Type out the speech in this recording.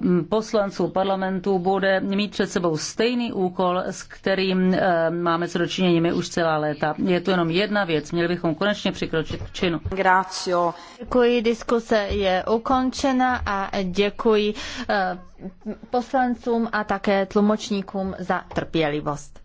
Mm, poslanců parlamentu bude mít před sebou stejný úkol, s kterým eh, máme co dočinění už celá léta. Je to jenom jedna věc, měli bychom konečně přikročit k činu. Gracio. Děkuji, diskuse je ukončena a děkuji eh, poslancům a také tlumočníkům za trpělivost.